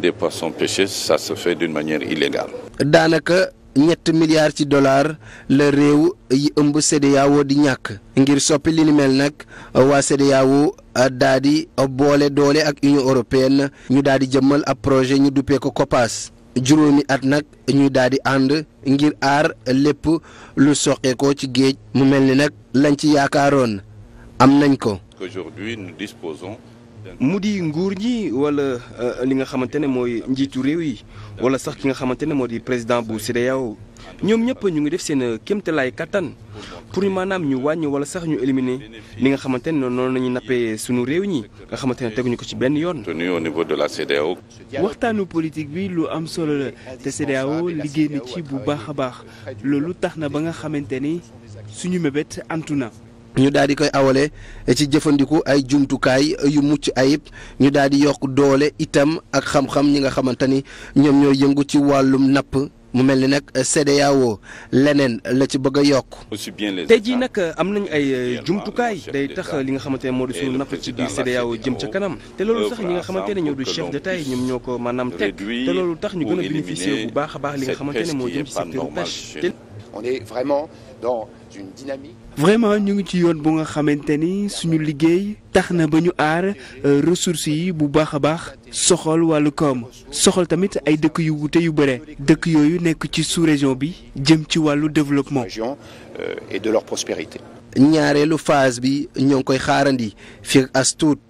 des poissons daanaka ñett milliards ci dollars la réew yi ëmb CEDEAO di ñàkk ngir soppi li ni mel nag waa CEDEAO daa di boole doole ak Union européenne ñu daal di jëmmal ab projet ñu duppee ko COPAS juróomi at nag ñuy daal di ànd ngir aar lépp lu soqeekoo ci géej mu mel ni nag lañ ci yaakaaroon am nañ ko. mu di nguur ñi wala euh, li nga xamante ne mooy njiitu réew yi wala sax ki nga xamante ne moo di président bu CEDEAO ñoom ñëpp ñu ngi def seen euh, kéemtalaay kattan pour ñu maanaam ñu wàññi wala sax ñu éliminer li nga xamante ne noonu la ñuy nappee sunu réew ñi nga xamante ne teguñu ko ci benn yoon. au niveau de la CEDEAO. waxtaanu politique bi lu am solo la te CEDEAO liggéey na ci bu baax a baax loolu tax na ba nga xamante ni suñu mébét antu na. ñu daal di koy awale ci jëfandiku ay jumtukaay yu mucc ayib ñu daal di yokk doole itam ak xam-xam ñi nga xamante ni ñoom ñooy yëngu ci wàllum napp mu mel ni nag CEDEAO leneen la ci bëgg a yokk. te jii nag euh, am nañu ay euh, jumtukaay day tax li nga xamante ne moo di suñu napp ci biir CEDEAO jëm ca kanam te loolu sax ñi nga xamante ne ñoo du chef d'État yi ñoom ñoo ko maanaam teg te loolu tax ñu gën a bu baax a baax li nga xamante ne moo jëm ci secteur pêche. on est vraiment dans vraiment ñu ngi ci yoon bu nga xamante ni suñu liggéey tax na ba ñu aar euh, ressources yi bu baax a baax soxol wàllu koom soxal tamit ay dëkk yu wute yu bëre dëkk yooyu nekk ci sous-région bi jëm ci wàllu développement. Euh, et de leur prospérité. ñaareelu phase bi ñoo ngi koy xaarandi fii ak as